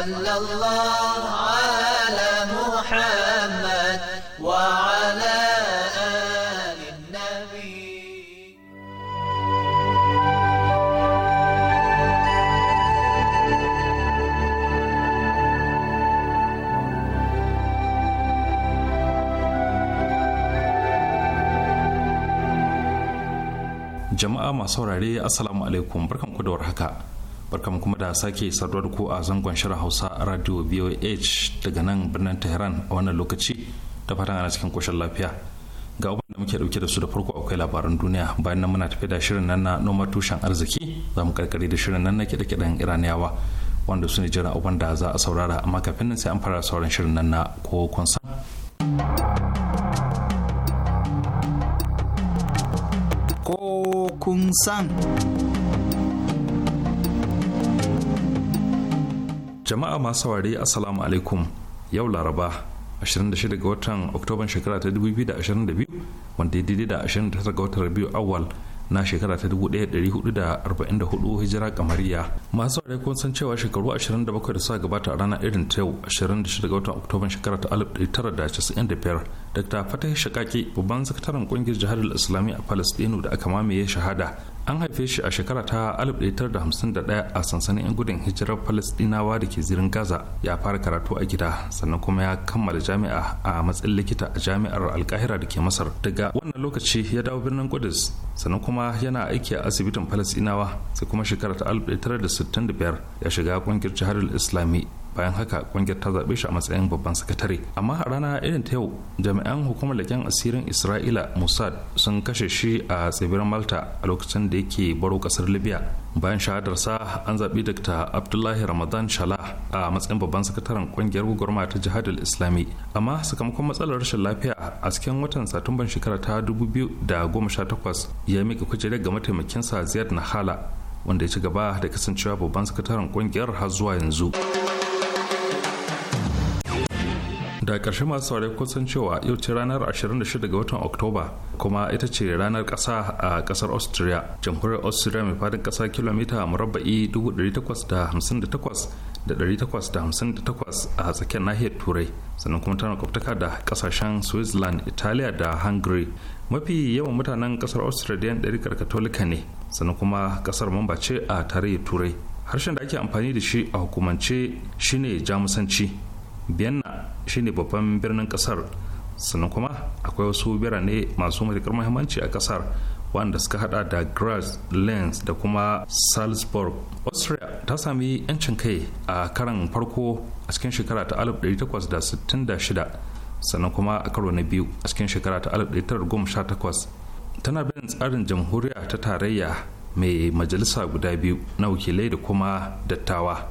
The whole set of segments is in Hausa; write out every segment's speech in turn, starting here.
صلى الله على محمد وعلى jama'a masu saurare assalamu alaikum barkanku da warhaka barkamu kuma da sake sarwar ku a zangon shirin hausa radio voh daga nan birnin tehran a wannan lokaci ta fatan ana cikin koshin lafiya ga abin da muke dauke da su da farko akwai labaran duniya bayan nan muna tafi da shirin nan na noma tushen arziki za mu karkare da shirin nan na kiɗe-kiɗen iraniyawa wanda su ne jiran abin da za a saurara amma kafin nan sai an fara sauran shirin nan na ko kun san san jama'a masu saurari assalamu alaikum yau laraba 26 ga watan oktoban shekara ta 2022 wanda ya daidai da 29 ga watan rabiu awal na shekara ta 1444 hijira kamariya masu saurari kun san cewa shekaru 27 da suka gabata a rana irin ta yau 26 ga watan oktoban shekara ta 1995 dr fatah shakaki babban sakataren kungiyar jihar islami a palestinu da aka mamaye shahada an haife shi a shekara ta 1951 a sansanin 'yan gudun hijirar falastinawa da ke zirin gaza ya fara karatu a gida sannan kuma ya kammala jami'a a matsayin likita a jami'ar alkahira da ke masar daga wannan lokaci ya dawo birnin gudus sannan kuma yana aiki a asibitin falastinawa sai kuma shekara ta 1965 ya shiga kungiyar jihar islami bayan haka kungiyar ta zaɓe shi a matsayin babban sakatare amma a rana irin ta yau jami'an hukumar leƙen asirin isra'ila mossad sun kashe shi a tsibirin malta a lokacin da yake baro ƙasar libya bayan shahadarsa an zaɓi dr abdullahi ramadan shala a matsayin babban sakataren kungiyar gwagwarma ta jihadul islami amma sakamakon matsalar rashin lafiya a cikin watan satumban shekara ta dubu biyu da goma sha takwas ya miƙa kujerar ga mataimakinsa ziyad hala wanda ya ci gaba da kasancewa babban sakataren kungiyar har zuwa yanzu. da ƙarshe masu saurari kusan cewa yau ce ranar 26 ga watan oktoba kuma ita ce ranar ƙasa a ƙasar austria jamhuriyar austria mai fadin ƙasa kilomita murabba'i 858,858 a tsakiyar nahiyar turai sannan kuma tana kwaftaka da ƙasashen switzerland italiya da hungary mafi yawan mutanen ƙasar austria da ɗarikar katolika ne sannan kuma ƙasar mamba a tarayyar turai harshen da ake amfani da shi a hukumance shine jamusanci vienna shine babban birnin kasar sannan kuma akwai wasu birane masu matuƙar muhimmanci a kasar wanda suka hada da graz lens da kuma salzburg austria ta sami 'yancin kai a karan farko a cikin shekara ta 1866 sannan kuma a karo na biyu a cikin shekara ta 1918 tana bin tsarin jamhuriya ta tarayya mai majalisa guda biyu na wakilai da kuma dattawa.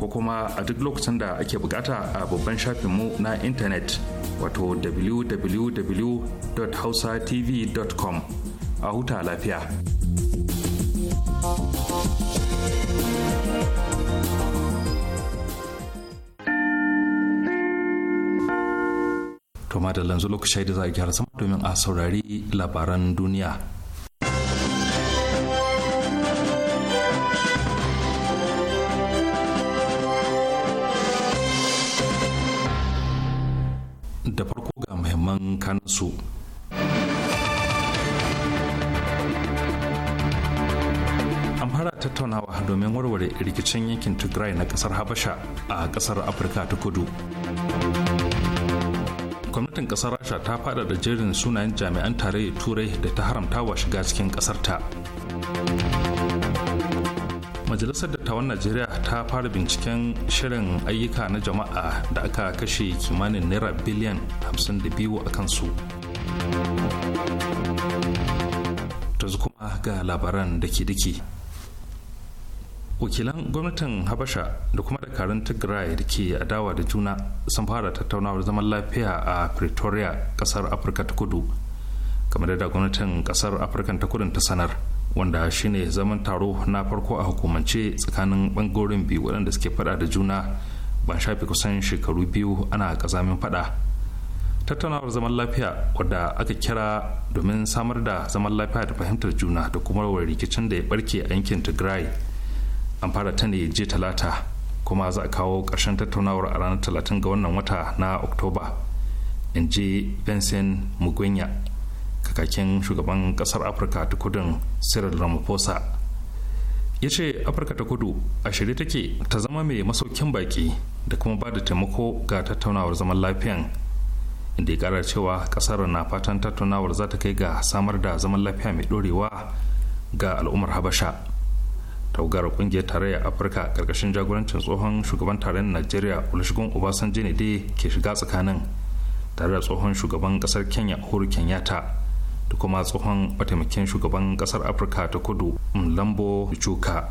ko kuma a duk lokacin da ake bukata a babban shafinmu na intanet wato www.hausatv.com a huta lafiya. tuma da lanzu lokacin da za a gyara sama domin a saurari labaran duniya. muhimman kansu. fara tattaunawa domin warware rikicin yankin tigray na kasar habasha a kasar afirka ta kudu gwamnatin kasar rasha ta fada da jerin sunayen jami'an tarayyar turai da ta haramta wa shiga cikin kasarta ta majalisar dattawan najeriya ta fara binciken shirin ayyuka na jama'a da aka kashe kimanin naira biliyan 52 a kansu yanzu kuma ga labaran da ke dake wakilan gwamnatin habasha da kuma dakarun tigray da ke adawa da juna sun fara tattaunawar zaman lafiya a pretoria kasar afirka ta kudu kamar da gwamnatin kasar afirka ta kudu ta sanar wanda shine zaman taro na farko a hukumance tsakanin bangorin biyu waɗanda suke fada da juna ban shafi kusan shekaru biyu ana kazamin fada tattaunawar zaman lafiya wadda aka kira domin samar da zaman lafiya da fahimtar juna da kuma rawar rikicin da ya barke a yankin tigray an fara ta ne je talata kuma za a kawo ƙarshen tattaunawar a ranar talatin ga wannan wata na oktoba in ji vincent mugunya kakakin shugaban kasar afirka ta kudin cyril ramaphosa ya ce afirka ta kudu a shirye take ta zama mai masaukin baki da kuma ba da taimako ga tattaunawar zaman lafiyan inda ya kara cewa kasar na fatan tattaunawar za ta kai ga samar da zaman lafiya mai dorewa ga al'ummar habasha taugar kungiyar tarayya afirka karkashin jagorancin tsohon shugaban tarayyar najeriya olusegun obasanjo ne dai ke shiga tsakanin tare da tsohon shugaban kasar kenya uhuru kenyatta da kuma tsohon mataimakin shugaban kasar afirka ta kudu mlambo chuka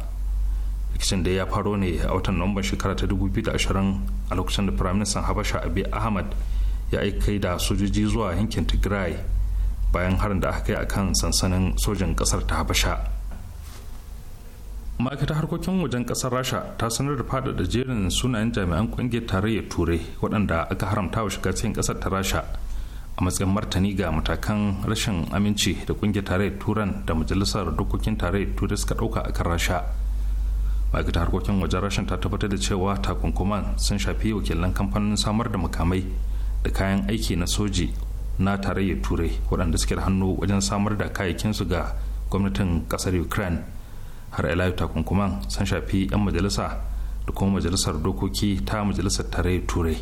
rikicin da ya faro ne a watan nuwamban shekara ta 2020 a lokacin da firaministan habasha abi ahmad ya aika da sojoji zuwa yankin tigray bayan harin da aka kai akan sansanin sojin kasar ta habasha ma'aikatar harkokin wajen kasar rasha ta sanar da faɗaɗa jerin sunayen jami'an ƙungiyar tarayyar turai waɗanda aka haramta wa shiga cikin ƙasar ta rasha a matsayin martani ga matakan rashin aminci da kungiyar tarayyar turan da majalisar dokokin tarayyar turai suka dauka kan rasha ma'aikatar harkokin wajen rashin ta tabbatar da cewa takunkuman sun shafi wakilan kamfanin samar da makamai da kayan aiki na soji na tarayyar turai waɗanda suke da hannu wajen samar da kayayyakinsu ga gwamnatin ƙasar ukraine har ila takunkuman sun shafi 'yan majalisa da kuma majalisar dokoki ta majalisar tarayyar turai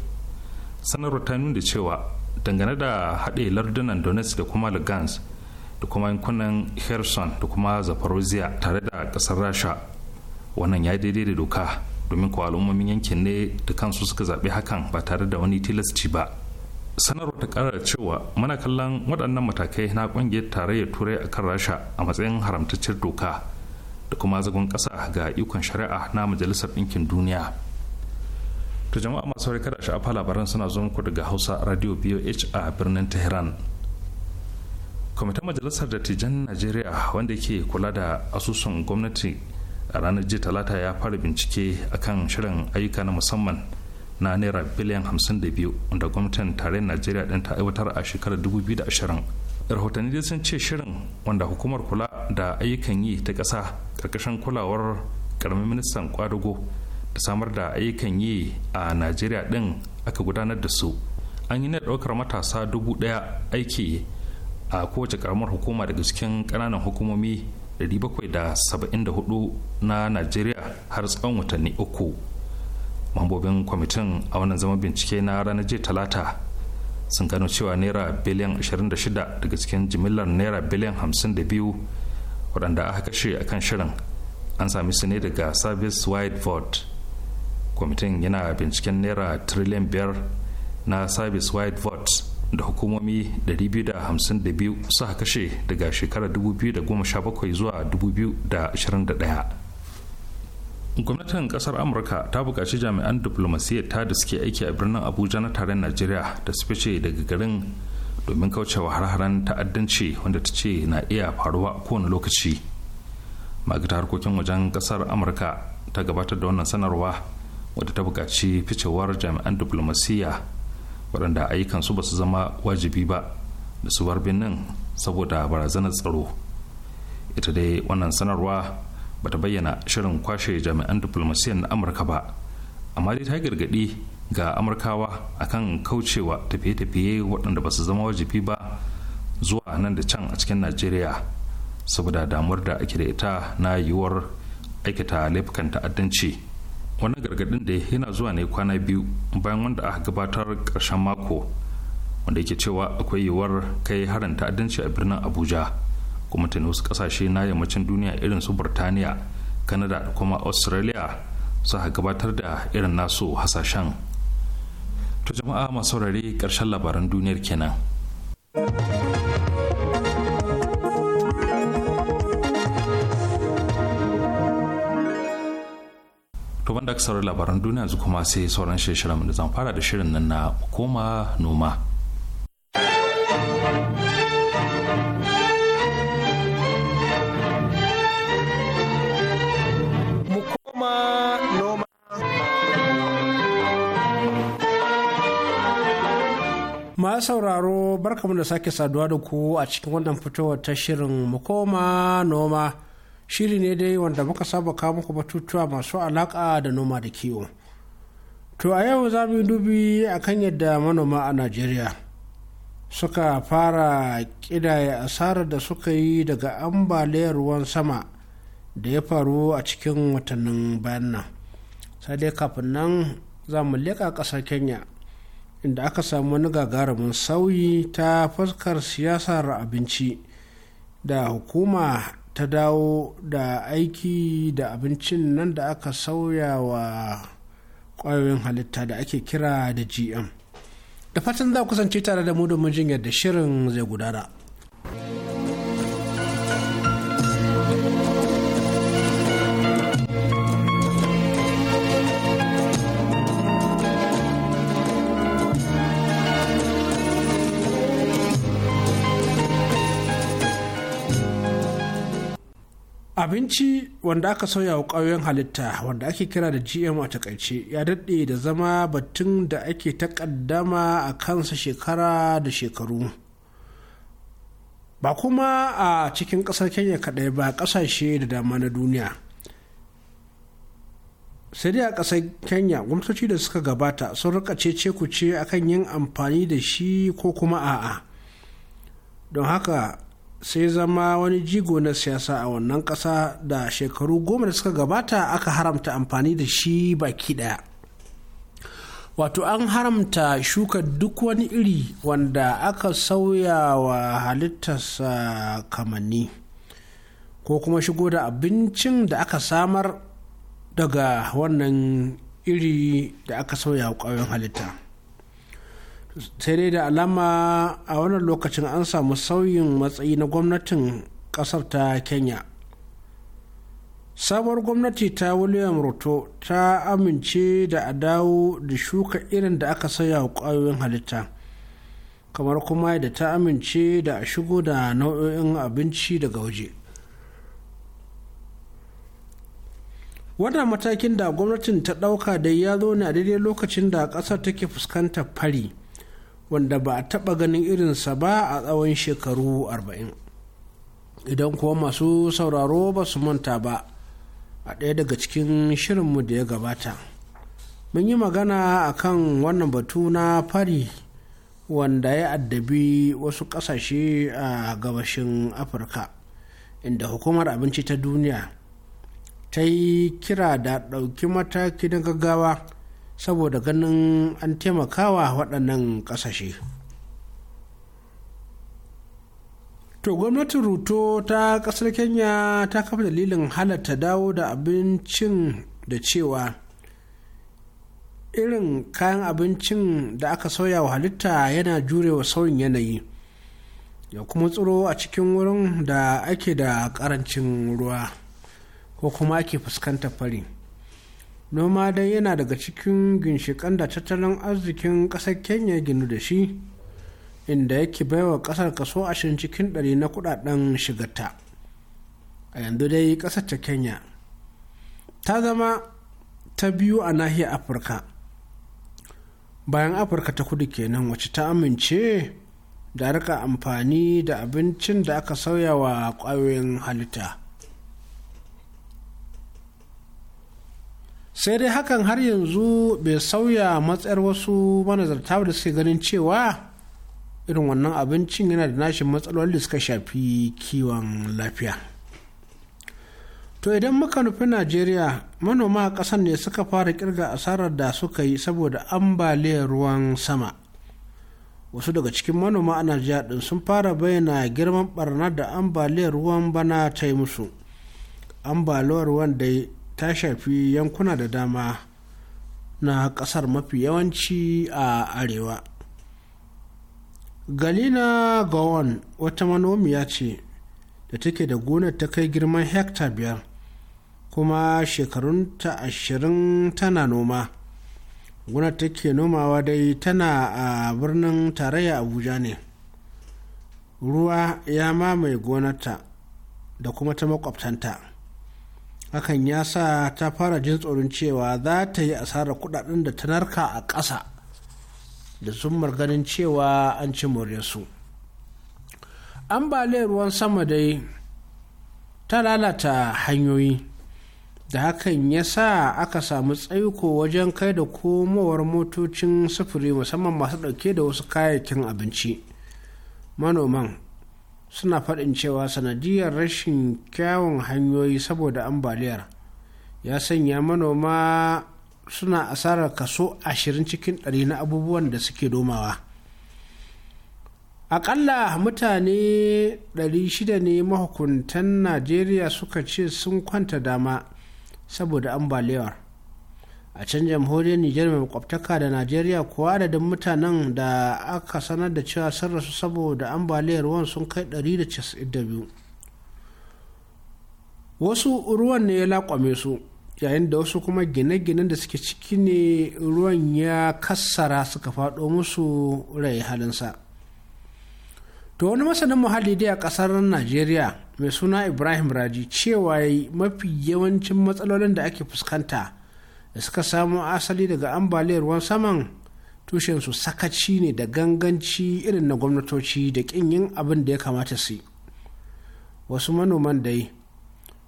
sanarwar ta nuna cewa dangane da haɗe lardunan donetsk da kuma lugansk da kuma yankunan kherson da kuma zaporozhia tare da ƙasar rasha wannan ya daidai da doka domin kuwa al'ummomin yankin ne da kansu suka zaɓi hakan ba tare da wani tilasci ba sanarwar ta ƙara cewa muna kallon waɗannan matakai na ƙungiyar tarayyar turai a kan rasha a matsayin haramtacciyar doka da kuma zagon ƙasa ga ikon shari'a na majalisar ɗinkin duniya to jama'a masu harkar da afa labaran suna zo muku daga hausa radio boh a birnin tehran kwamitin majalisar dattijan najeriya wanda ke kula da asusun gwamnati a ranar jiya talata ya fara bincike akan shirin ayyuka na musamman na naira biliyan 52 da gwamnatin tarayyar najeriya din ta aiwatar a shekarar 2020 rahotanni dai sun ce shirin wanda hukumar kula da ayyukan yi ta ƙasa ƙarƙashin kulawar ƙaramin ministan kwadugo samar da ayyukan yi a najeriya din aka gudanar da su an yi na daukar matasa dubu daya aiki a kowace karamar hukuma daga cikin kananan hukumomi 774 na najeriya har tsawon watanni uku mambobin kwamitin a wannan zaman bincike na ranar jiya talata sun gano cewa naira biliyan 26 daga cikin jimillar naira biliyan 52 waɗanda aka kashe a kan shirin an sami su ne daga service wide vote kwamitin yana binciken naira trillion biyar na service wide vote da hukumomi 252 suka kashe daga shekarar 2017 zuwa 2021 gwamnatin kasar amurka ta buƙaci jami'an diplomasiyyar ta da suke aiki a birnin abuja na taron najeriya da su fice daga garin domin kaucewa har-haren ta'addanci wanda ta ce na iya faruwa kowane lokaci magata harkokin wajen kasar amurka ta gabatar da wannan sanarwa wadda ta buƙaci ficewar jami'an diplomasiyya waɗanda ayyukansu ba su zama wajibi ba da su bar birnin saboda barazanar tsaro ita dai wannan sanarwa ba ta bayyana shirin kwashe jami'an diplomasiyyar na amurka ba amma dai ta gargaɗi ga amurkawa akan kaucewa tafiye-tafiye waɗanda ba su zama wajibi ba zuwa nan da can a cikin najeriya saboda damar da ake da ita na yiwuwar aikata laifukan ta'addanci wani gargadin da yana zuwa ne kwana biyu bayan wanda aka gabatar karshen mako wanda yake cewa akwai yiwuwar kai harin ta'addanci a birnin abuja kuma tuni wasu kasashe na yammacin duniya irin su burtaniya kanada da kuma australia su gabatar da irin nasu hasashen to jama'a masu rari karshen labaran duniyar kenan to banda aka saurari labaran duniya yanzu kuma sai sauran shirin da zan fara da shirin nan na koma noma Ma sauraro barkamu da sake saduwa da ku a cikin wannan fitowar ta shirin mukoma noma shiri ne dai wanda muka saba kawo muku batutuwa masu alaƙa da noma da kiwo to a yau za mu dubi akan yadda manoma a najeriya suka fara ƙidaya asarar da suka yi daga ambaliyar ruwan sama da ya faru a cikin watannin bayan nan sai dai kafin nan za mu leƙa ƙasar kenya inda aka samu wani gagarumin sauyi ta fuskar siyasar abinci da hukuma ta dawo da aiki da abincin nan da aka sauya wa kwayoyin halitta da ake kira da gm da fatan za kusance tare da mu domin da yadda shirin zai gudana. abinci wanda aka sauya wa ƙauyen halitta wanda ake kira da gm a takaice ya daɗe da zama batun da ake takaddama a kansa shekara da shekaru ba kuma a cikin ƙasar kenya kaɗai ba ƙasashe da dama na duniya sai dai a ƙasar kenya gwamnatoci da suka gabata sun rika cece ku ce akan yin amfani da shi ko kuma a'a don haka sai zama wani jigo na siyasa a wannan ƙasa da shekaru goma da suka gabata aka haramta amfani da shi baki ɗaya wato an haramta shuka duk wani iri wanda aka sauya wa halittarsa kamanni ko kuma shigo da abincin da aka samar daga wannan iri da aka sauya wa ƙwayoyin halitta sai dai da alama a wannan lokacin an samu sauyin matsayi na gwamnatin kasar ta kenya sabuwar gwamnati ta william ruto ta amince da a dawo da shuka irin da aka saya wa ƙwayoyin halitta kamar kuma da ta amince da a shigo da nau'o'in abinci daga waje wannan matakin da gwamnatin ta ɗauka da ya zo ne a daidai lokacin da ƙasar take fuskantar fari wanda ba a taɓa ganin irinsa ba a tsawon shekaru arba'in idan kuwa masu sauraro ba su manta ba a ɗaya daga cikin shirinmu da ya gabata mun yi magana a kan wannan batu na fari wanda ya addabi wasu ƙasashe a gabashin afirka inda hukumar abinci ta duniya ta yi kira da ɗauki mataki na gaggawa saboda ganin an taimakawa waɗannan ƙasashe to gwamnatin ruto ta ƙasar kenya ta kafa dalilin halatta dawo da abincin da cewa irin kayan abincin da aka sauya wa halitta yana jurewa sauyin yanayi ya kuma tsoro a cikin wurin da ake da ƙarancin ruwa ko kuma ake fuskantar fari. noma dai yana daga cikin ginshikan da tattalin arzikin ƙasar kenya ginu da shi inda yake baiwa ƙasar kaso ashirin cikin ɗari na kudaden shigarta a yanzu dai ƙasar ta kenya ta zama ta biyu a nahiyar afirka bayan afirka ta kudu kenan wacce ta amince da rika amfani da abincin da aka sauya wa ƙwayoyin halitta sai dai hakan har yanzu bai sauya matsayar wasu manazarta da suke ganin cewa irin wannan abincin yana da nashin matsalolin da suka shafi kiwon lafiya to idan muka nufi najeriya manoma a ƙasar ne suka fara kirga asarar da suka yi saboda ambaliyar ruwan sama wasu daga cikin manoma a najeriya din sun fara bayyana girman barna da ambaliyar ruwan bana ta yi musu ambaliyar ruwan dai ta shafi yankuna da dama na ƙasar mafi yawanci a arewa galina gawon wata manomiya ce da take da gonar ta kai girman hekta biyar kuma shekarun ta ashirin tana noma gonar take nomawa dai tana a birnin tarayya abuja ne ruwa ya mamaye gonarta da kuma ta makwabtanta hakan ya sa ta fara jin tsoron cewa za ta yi asarar kudaden da ta narka a ƙasa da sun ganin cewa an ci su ambaliyar ruwan sama dai ta lalata hanyoyi da hakan ya sa aka samu tsaiko wajen kai da komowar motocin sufuri musamman masu ɗauke da wasu kayayyakin abinci manoman suna faɗin cewa sanadiyar rashin kyawun hanyoyi saboda ambaliyar ya sanya manoma suna asarar kaso ashirin cikin ɗari na abubuwan da suke domawa aƙalla mutane 600 ne mahukuntan najeriya suka ce sun kwanta dama saboda ambaliyar a can jamhuriyar nijar mai makwabtaka da najeriya kuwa adadin mutanen da aka sanar da cewa sun rasu saboda ambaliyar ruwan sun kai 192 wasu ruwan ne ya lakwame su yayin da wasu kuma gine-ginen da suke ciki ne ruwan ya kassara suka faɗo musu rai halinsa to wani masanin muhalli dai a ƙasar najeriya mai suna ibrahim raji cewa mafi yawancin matsalolin da ake fuskanta da suka samo asali daga ambaliyar ruwan saman su sakaci ne da ganganci irin na gwamnatoci da kin yin abin da ya kamata su wasu manoman dai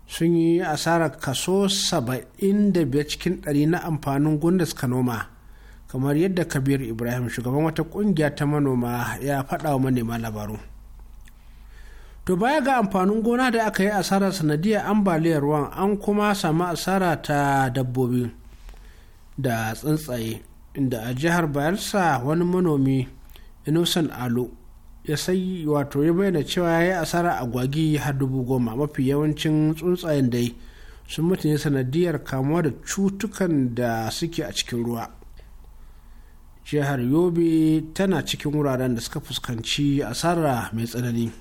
sun yi asarar kaso 75 cikin ɗari na amfanin gunda suka noma kamar yadda kabir ibrahim shugaban wata ƙungiya ta manoma ya faɗa wa manema labaru to baya ga amfanin gona da aka yi asarar sanadiyar ambaliyar ruwan an kuma samu asara ta dabbobi da tsuntsaye inda a jihar bayelsa wani manomi innocent alo ya sai wato ya bayyana cewa ya yi asara a gwagi har dubu goma mafi yawancin tsuntsayen dai sun mutu ne sanadiyar kamuwa da cutukan da suke a cikin ruwa jihar yobe tana cikin wuraren da suka fuskanci asara mai tsanani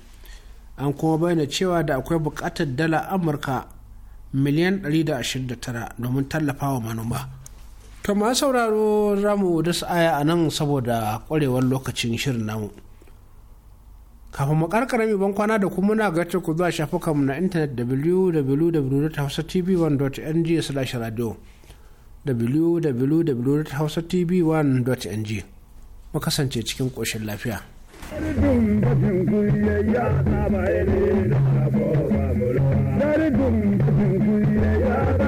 an kuma bayyana cewa da akwai bukatar dala amurka miliyan 129 domin tallafa wa manoma To ma sauraro za mu dasa aya a nan saboda kwarewar lokacin shirin namu. Kafin mu karkara mai ban kwana da kuma muna gace ku zuwa shafukanmu na intanet www.hausatv1.ng slash radio www.hausatv1.ng mu kasance cikin koshin lafiya. Dari dum dum kuyi na ba ne ba dum ya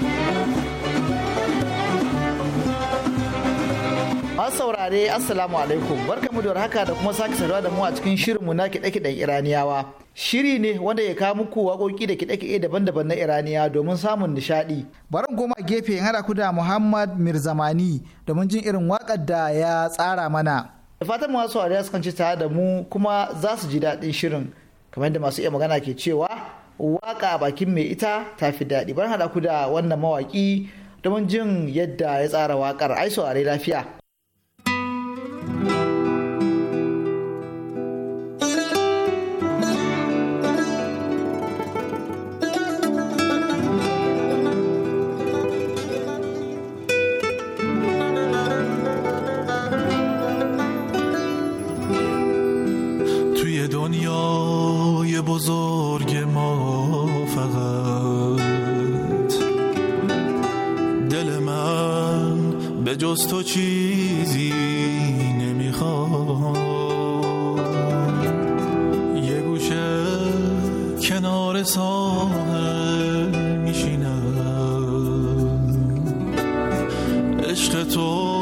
masu saurare assalamu alaikum barkamu da haka da kuma sake saduwa da mu a cikin shirinmu na kiɗe-kiɗen iraniyawa shiri ne wanda ya kawo muku waƙoƙi da kiɗe-kiɗe daban-daban na iraniya domin samun nishaɗi barin goma gefe in haɗa ku da muhammad mirzamani domin jin irin waƙar da ya tsara mana da fatan masu saurare su kan ci tare da mu kuma za su ji daɗin shirin kamar yadda masu iya magana ke cewa waƙa bakin mai ita ta fi daɗi barin haɗa ku da wannan mawaƙi domin jin yadda ya tsara waƙar ai saurari lafiya Thank you. راهل میشینم عشق تو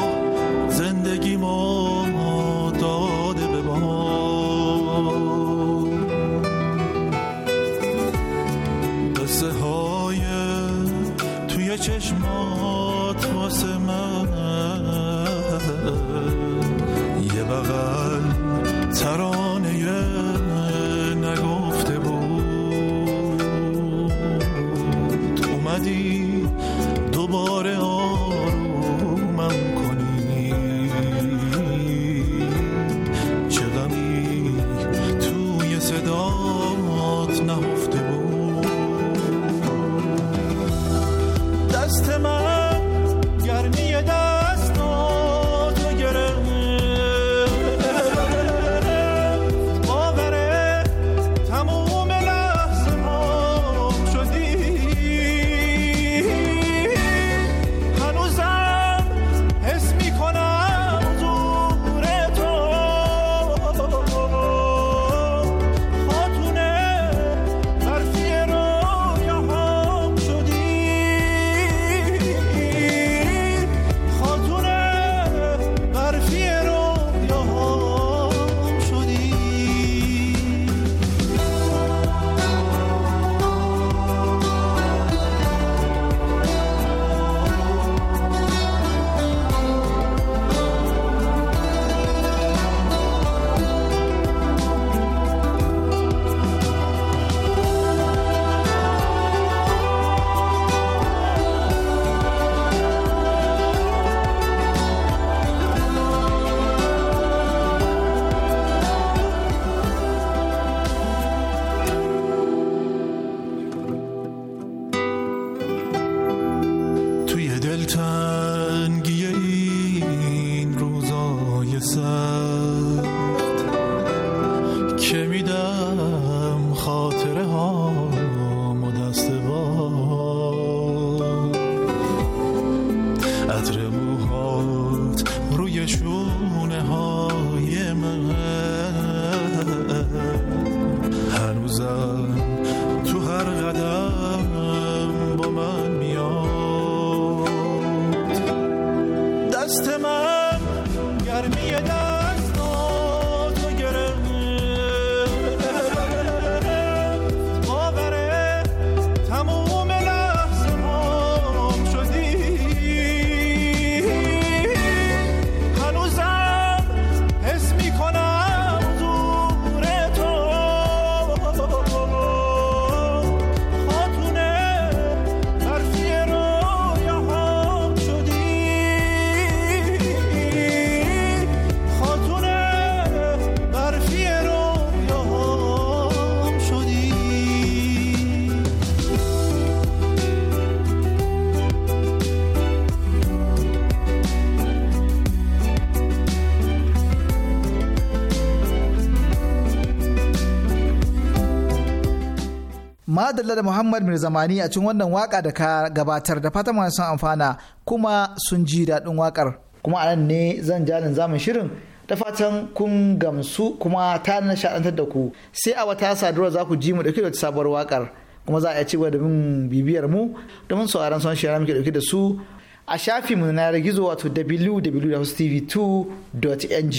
madalla da muhammad mai zamani a cikin wannan waka da ka gabatar da fatan masu sun amfana kuma sun ji daɗin wakar kuma a nan ne zan jalin zamun shirin da fatan kun gamsu kuma ta nishaɗantar da ku sai a wata sadarwa za ku ji mu dauke da sabuwar wakar kuma za a iya cewa domin bibiyar mu domin sauraron son shirya muke dauke da su a shafinmu na gizo wato www.tv2.ng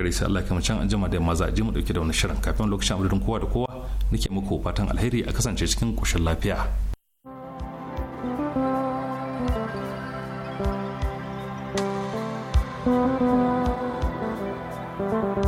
gare sai Allah kuma can an jima da maza je mu dauke da wani shirin kafin lokacin abudin kowa da kowa nake muku fatan alheri a kasance cikin koshin lafiya thank you